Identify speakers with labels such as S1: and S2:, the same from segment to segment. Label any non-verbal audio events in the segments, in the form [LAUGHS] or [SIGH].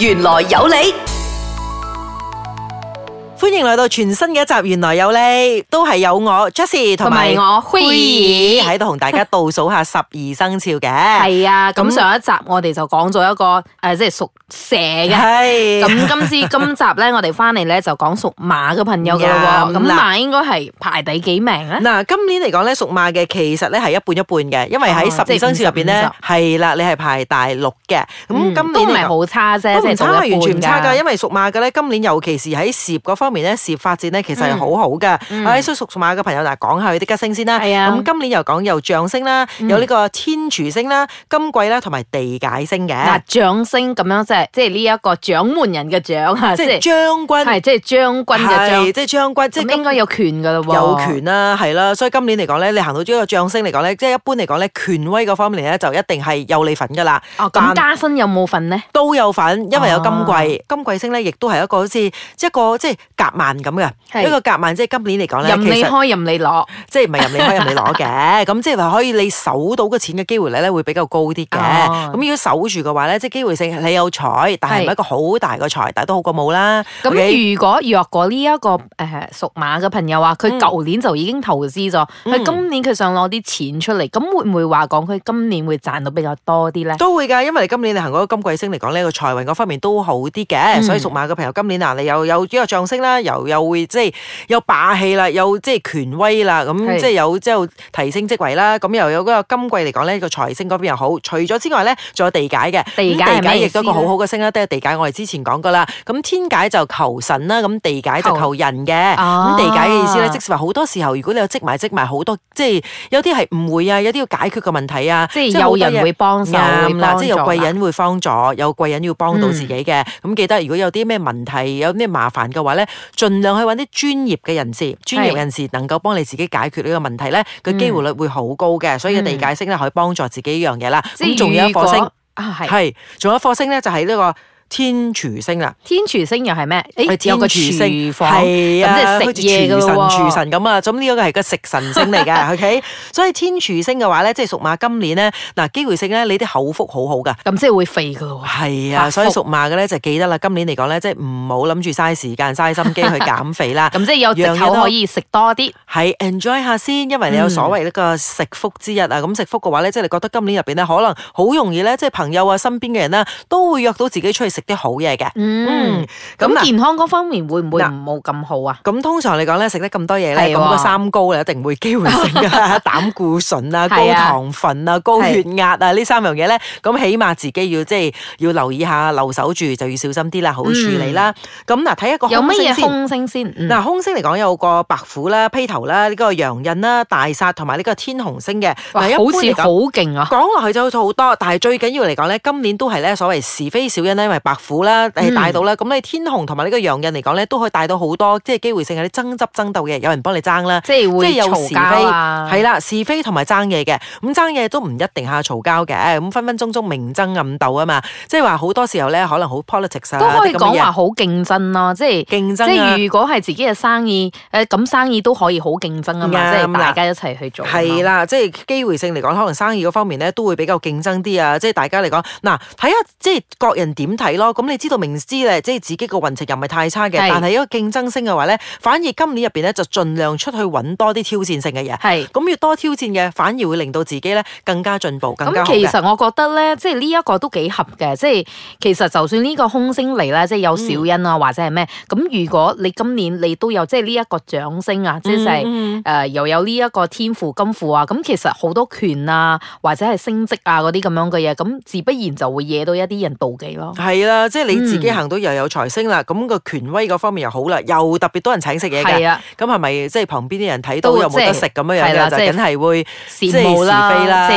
S1: 玄來有理。歡迎嚟到全新嘅一集，原來有你，都係有我，Jesse 同埋我輝兒喺
S2: 度同大家倒數下十二生肖嘅。係 [LAUGHS] 啊，咁上一集我哋就講咗一個誒，即係屬蛇嘅。係。咁今次 [LAUGHS] 今集咧，我哋翻嚟咧就講屬馬嘅朋友㗎。哇，咁馬應該係排第幾名啊？嗱、啊，今年嚟講咧，屬馬嘅其實
S1: 咧係一半一半嘅，因為喺十二生肖入邊咧係啦，你係排第六嘅。咁今年都唔係好
S2: 差啫，都唔差係、就是、完全唔差噶，
S1: 因為屬馬嘅咧，今年尤其是喺事業方方面咧，事業發展咧，其實係好好嘅。所以屬馬嘅朋友，就講下佢啲吉星先啦。係啊，咁今年又講有將星啦、嗯，有呢個天廚星啦，金貴啦，同埋地解星嘅。嗱，
S2: 將星咁樣即係即係呢一個掌門人嘅掌即係、就是、將軍，係即係將軍嘅將，即係、就是、將軍。即係應該有權噶啦，有權
S1: 啦、啊，係啦。所以今年嚟講咧，你行到呢個將星嚟講咧，即係一般嚟講咧，權威嗰方面咧，就一定係有你份噶啦。咁加薪有冇份呢？都有份，因為有金貴，哦、金貴星咧，亦都係一個好似即係一個即係。夾萬咁嘅，一個夾萬即係今年嚟講咧，任你開，任你攞，即係唔係任你開 [LAUGHS] 任你攞嘅，咁即係話可以你守到個錢嘅機會率咧會比較高啲嘅，咁、哦、如果守住嘅話咧，即係機會性
S2: 你有財，但係唔係一個好大個財，但係都好過冇啦。咁如果若果呢一個誒屬、呃、馬嘅朋友話佢舊年就已經投資咗，佢、嗯、今年佢想攞啲錢出嚟，咁、嗯、會唔會話講佢今年會賺到比較多啲咧？
S1: 都會㗎，因為今年你行嗰金貴星嚟講呢個財運個方面都好啲嘅，所以屬馬嘅朋友今年嗱你又有呢個漲升啦。又又會即係有霸氣啦，有即係權威啦，咁即係有即係提升職位啦，咁又有嗰個金櫃嚟講咧，呢個財星嗰邊又好。除咗之外咧，仲有地解嘅，地解亦都個好好嘅星啦。都係地解，地解我哋之前講過啦。咁天解就求神啦，咁地解就求人嘅。咁、啊、地解嘅意思咧，即係話好多時候，如果你有積埋積埋好多，即係有啲係唔會啊，有啲要解決個問題啊，即係有人會幫手啦，即係有貴人會幫助，有貴人要幫到自己嘅。咁、嗯、記得如果有啲咩問題，有咩麻煩嘅話咧。儘量去揾啲專業嘅人士，專業人士能夠幫你自己解決呢個問題咧，佢機會率會好高嘅、嗯，所以第二解釋咧，可以幫助自己呢樣嘢啦。咁、嗯、仲有一火星啊，仲有一火星咧就係呢、呢個。天廚星啦，天廚星又係咩？誒，天有個廚，廚星，係啊，即係食嘢廚神咁啊，咁 [LAUGHS] 呢一個係個食神星嚟噶，OK。所以天廚星嘅話咧，即係屬馬今年咧，嗱機會性咧，你啲口福好好噶，咁即係會肥嘅喎。係啊，所以屬馬嘅咧就記得啦，今年嚟講咧，即係唔好諗住嘥時間嘥心機去減肥啦。咁即係有借口可以食多啲，係 enjoy 一下先，因為你有所謂呢個食福之日啊。咁食福嘅話咧，即係你覺得今年入邊咧，可能好容易咧，即係朋友啊，身邊嘅人咧，都會約到自己出去食啲好嘢嘅，嗯，咁健康嗰方
S2: 面會唔會冇咁好
S1: 啊？咁通常嚟講咧，食得咁多嘢咧，咁個三高嘅一定會機會性嘅，膽固醇啊、高糖分啊、高血壓啊呢三樣嘢咧，咁起碼自己要即係要留意下，留守住就要小心啲啦，好處理啦。咁嗱，睇一個有乜嘢空星先？嗱，空星嚟講有個白虎啦、披頭啦、呢個羊印啦、大煞同埋呢個天紅星嘅，哇，好似好勁啊！講落去就好似好多，但係最緊要嚟講咧，今年都係咧所謂是非小因咧，因為白白虎啦，係帶到啦。咁、嗯、你天虹同埋呢個羊刃嚟講咧，都可以帶到好多，即係機會性嘅爭執爭鬥嘅，有人幫你爭啦，即係會嘈交啊，係啦、啊，是非同埋爭嘢嘅。咁爭嘢都唔一定係嘈交嘅，咁分分鐘鐘明爭暗鬥啊嘛、啊啊。即係話好
S2: 多時候咧，可能好 politics 都可以講話好競爭咯、啊。即係競爭、啊，即係如果係自己嘅生意，誒咁生意都可以好競爭啊嘛、啊。即係大家一齊去做。係、啊、啦、啊，即係
S1: 機會性嚟講可能生意嗰方面咧都會比較競爭啲啊。即係大家嚟講嗱睇下，即係各人點睇。咁你知道明知咧，即係自己個運程又唔係太差嘅，但係一個競爭性嘅話咧，反而今年入邊咧就盡量出去揾多啲挑戰性嘅嘢。係，咁越多挑戰嘅，反而會令到自己咧更加進步，更加。咁其實
S2: 我覺得咧，即係呢一個都幾合嘅，即係其實就算呢個空星嚟啦，即係有小恩啊、嗯、或者係咩，咁如果你今年你都有即係呢一個將星啊，即係誒、嗯嗯呃、又有呢一個天賦金庫啊，咁其實好多權啊或者係升職啊嗰啲咁樣嘅嘢，咁自不然就會惹到一啲人妒忌咯。係
S1: 啊。即係你自己行到又有財星啦，咁、嗯嗰個權威嗰方面又好啦，又特別多人請食嘢嘅。咁係咪即係旁邊啲人睇到又冇、就是、得食咁樣樣、啊、就梗、是、係會羨慕即係，是非啦、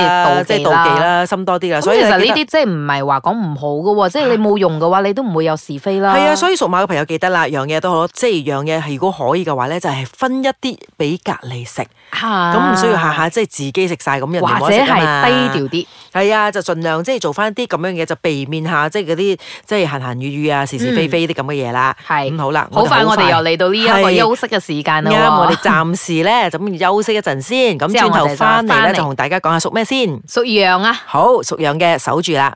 S1: 即係妒、妒、妒忌啦、心多啲、嗯、所以其實呢啲
S2: 即係唔係話講唔好嘅喎，即係你冇用嘅話，你都唔會有是非啦。係啊，
S1: 所以屬馬嘅朋友記得啦，樣嘢都好，即係樣嘢，係如果可以嘅話咧、啊，就係分一啲俾隔離食。
S2: 係咁唔需要下下
S1: 即係自己食晒咁，人哋或者係低調啲。係啊，就盡量即係做翻啲咁樣嘢，就避免下即係嗰啲。就是那些即係閒閒語語啊，時時飛飛的、嗯、是是非非啲咁嘅嘢啦。係咁好啦，好我快、快我哋又嚟到呢一個休息嘅時間啦、嗯。我哋暫時咧就咁休息一陣先，咁、嗯、轉頭翻嚟咧就同
S2: 大家講下屬咩先。屬羊啊。好，屬羊嘅守住啦。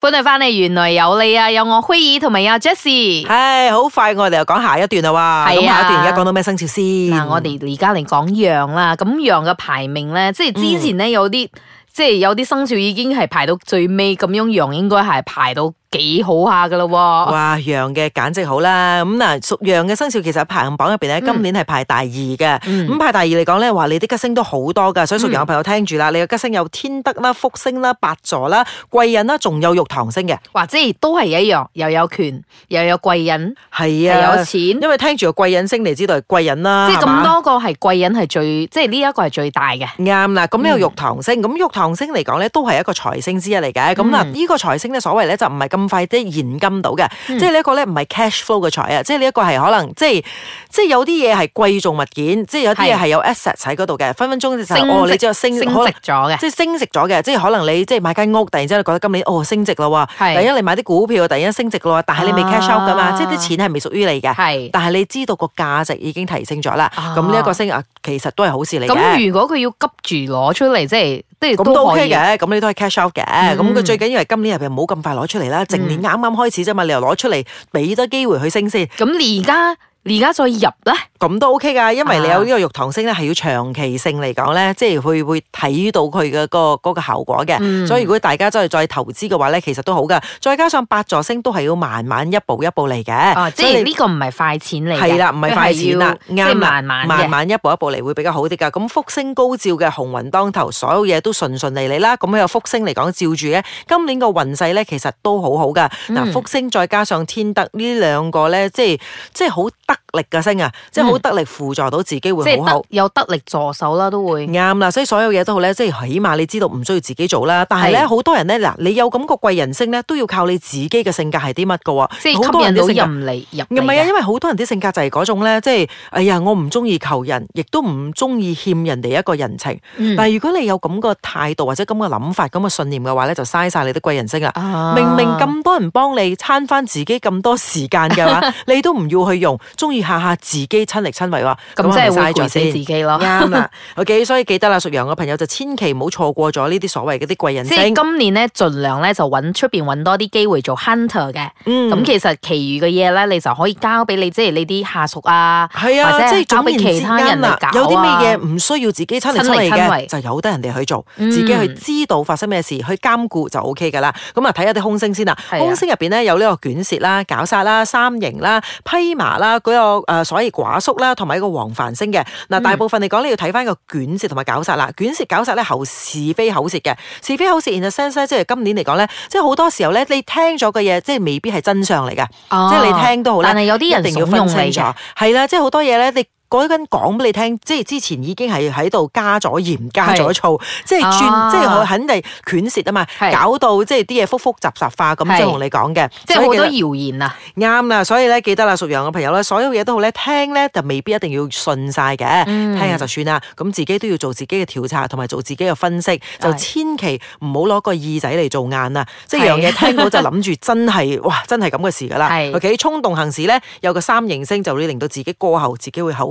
S2: 歡迎翻嚟，原來有你啊，有我輝爾同埋阿 Jessie。係好快，我哋又講下一段啦。咁、啊、下一段而家講到咩生肖先？嗱，我哋而家嚟講羊啦。咁羊嘅排名咧，即係之前咧有啲、嗯、即係有啲生肖已經係排到最尾，咁樣羊應該係排到。幾好下㗎咯喎！哇，
S1: 羊嘅簡直好啦！咁嗱，屬羊嘅生肖其實排行榜入面咧、嗯，今年係排第二嘅。咁、嗯、排第二嚟講咧，話你啲吉星都好多㗎，所以屬羊嘅朋友聽住啦、嗯，你嘅吉星有天德啦、福星啦、八座啦、貴人啦，仲有玉堂星嘅。哇，即係
S2: 都係一樣，又有權，又有貴人，
S1: 係啊，又有錢。因為聽住個貴人星，你知道係貴人啦。即係咁多個係貴人係最，即係呢一個係最大嘅。啱啦，咁呢個玉堂星，咁、嗯、玉堂星嚟講咧，都係一個財星之一嚟嘅。咁、嗯、嗱，呢個財星咧，所謂咧就唔係咁，咁快啲現金到嘅、嗯，即係呢一個咧唔係 cash flow 嘅財啊、嗯，即係呢一個係可能即係即係有啲嘢係貴重物件，即係有啲嘢係有 asset 喺嗰度嘅，分分鐘、就係、升哦，你知道升，升值咗嘅，即係升值咗嘅，即係可能你即係買間屋，突然之間覺得今年哦升值咯喎，突然間你買啲股票，突然間升值喎，但係你未 cash out 㗎嘛，即係啲錢係未屬於你嘅，但係你知道個價值已經提升咗啦，咁呢一個升啊，其實都係好事嚟。咁如
S2: 果佢要急住攞出嚟，即係都 OK 嘅，
S1: 咁你都係 cash out 嘅，咁、嗯、佢最緊要係今年入邊唔好咁快攞出嚟啦。成、嗯、年啱啱開始啫嘛，你又攞出嚟俾多機會去升先。咁你而家？而家再入咧，咁都 OK 噶，因為你有呢個玉堂星咧，係要長期性嚟講咧，即係會會睇到佢嘅個嗰個效果嘅、嗯。所以如果大家真係再投資嘅話咧，其實都好噶。再加上八座星都係要慢慢一步一步嚟嘅、啊，即係
S2: 呢個唔係快錢嚟。係啦，唔係快錢啦，啱慢慢，慢慢
S1: 一步一步嚟會比較好啲噶。咁福星高照嘅鴻運當頭，所有嘢都順順利利啦。咁有福星嚟講照住咧，今年個運勢咧，其實都好好噶。嗱、嗯，福星再加上天德呢兩個咧，即係即係好。得力嘅星啊，即係好得力輔助到自己會好好、嗯，
S2: 有得力助手啦，都會啱啦。所以所有嘢都好咧，即係
S1: 起碼你知道唔需要自己做啦。但係咧，好多人咧，嗱，你有咁個貴人星咧，都要靠你自己嘅性格係啲乜嘅喎。即係好多人都入唔嚟入唔係啊，因為好多人啲性格就係嗰種咧，即係哎呀，我唔中意求人，亦都唔中意欠人哋一個人情。嗯、但係如果你有咁個態度或者咁個諗法、咁、咁個信念嘅話咧，就嘥晒你啲貴人星啊！明明咁多人幫你，慳翻自己咁多時間嘅話， [LAUGHS] 你都唔要去用。中意下下自己親力親為喎，咁即係會攪死自己咯，啱啦。 [LAUGHS] OK，所以記得啦，屬羊嘅朋友就千祈唔好錯過咗呢啲所謂嗰啲貴人精。即係
S2: 今年咧，盡量咧就揾出邊揾多啲機會做 hunter 嘅。咁、嗯、其實其餘嘅嘢咧，你就可以交俾你，即、就、係、是、你啲下屬啊，係啊，即其他人家、啊、之、就是，有啲咩嘢唔
S1: 需要自己親力親為嘅，就由得人哋去做、嗯，自己去知道發生咩事，去監顧就 OK 㗎啦。咁啊，睇下啲空星先啦、啊。空星入邊咧有呢個卷舌啦、搞殺啦、三型啦、披麻啦。一個誒，所以寡宿啦，同埋一個黃幡星嘅嗱、嗯，大部分嚟講你要睇返個卷舌同埋絞煞啦，卷舌絞煞咧喉是非口舌嘅是非口舌，In a sense 咧即係今年嚟講咧，即係好多時候咧你聽咗嘅嘢，即係未必係真相嚟嘅，即、哦、係你聽都好，但係有啲人一定要分清楚，係啦，即係好多嘢咧，你。講緊講俾你聽，即係之前已經係喺度加咗鹽、加咗醋，即係轉，啊、即係佢肯定捲舌啊嘛，搞到即係啲嘢複複雜雜化，咁即係同你講嘅，即係好多謠言啊！啱啦，所以咧記得啦，屬羊嘅朋友咧，所有嘢都好咧，聽咧就未必一定要信晒嘅、嗯，聽下就算啦。咁自己都要做自己嘅調查同埋做自己嘅分析，就千祈唔好攞個耳仔嚟做眼啦。即係樣嘢聽到就諗住真係 [LAUGHS] 哇，真係咁嘅事㗎啦。ok 衝動行事咧，有個三形星就會令到自己過後自己會後。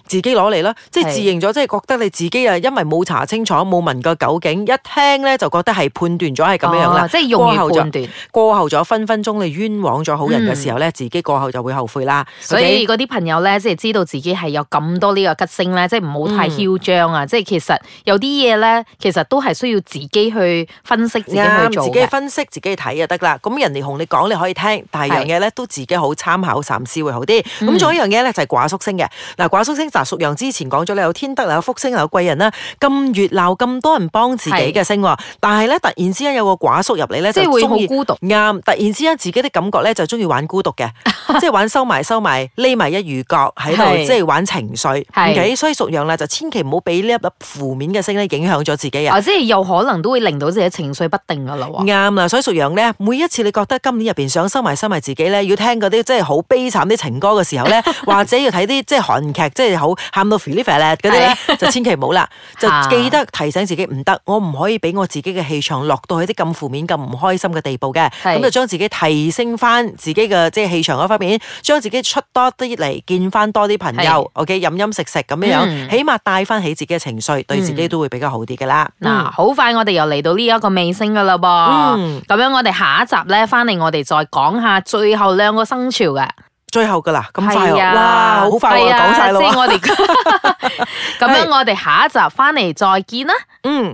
S1: 自己攞嚟啦，即係自認咗，即係覺得你自己啊，因為冇查清楚，冇問個究竟，一聽咧就覺得係判斷咗係咁樣樣啦、哦。即係用後判斷，過後咗分分鐘你冤枉咗好人嘅時候咧、嗯，自己過後就會後悔啦。所以嗰
S2: 啲朋友咧，即係知道自己係有咁多呢個吉星咧、嗯，即係唔好太囂張啊、嗯！即係其實有啲嘢咧，其實都係需要自己去分析，自己去做嘅。自己
S1: 分析，自己睇就得啦。咁人哋同你講你可以聽，但係樣嘢咧都自己好參考、三思會好啲。咁、嗯、仲有一樣嘢咧，就係寡宿星嘅嗱，寡宿星屬羊之前講咗你有天德、有福星、有貴人啦，咁熱鬧咁多人幫自己嘅星，但係咧突然之間有個寡宿入嚟咧，就係、是、會好孤獨。啱，突然之間自己的感覺咧就中意玩孤獨嘅。 [LAUGHS] 即係玩收埋收埋藏，匿埋一隅角喺度，即係玩情緒。OK，所以屬羊呢就千祈唔好俾呢一粒負面嘅聲咧影響咗自己啊！即係有可能都會令到
S2: 自己情緒不定噶啦。
S1: 啱啊！所以屬羊咧，每一次你覺得今年入面想收埋收埋自己咧，要聽嗰啲即係好悲慘啲情歌嘅時候咧， [LAUGHS] 或者要睇啲即係韓劇，即係好喊到 f e l i e 嗰啲，啊、就千祈唔好啦，就記得提醒自己唔得， [LAUGHS] 我唔可以俾我自己嘅氣場落到去啲咁負面、咁唔開心嘅地步嘅。咁就將自己提升翻自己嘅即係氣場將將自己出多啲嚟見翻多啲朋友，OK 飲飲食食咁樣，嗯、起碼帶翻起自己嘅情緒，嗯，對自己都會比較好啲噶啦。嗱、嗯，
S2: 好快我哋又嚟到呢一個尾聲噶啦噃，咁、嗯、樣我哋下一集咧，翻嚟我哋再講下最後兩個生肖嘅，最後噶啦，咁快、啊啊、哇好快、啊啊講啊就是、我講晒啦，咁 [LAUGHS] [LAUGHS] 樣我哋下一集翻嚟再見啦，嗯。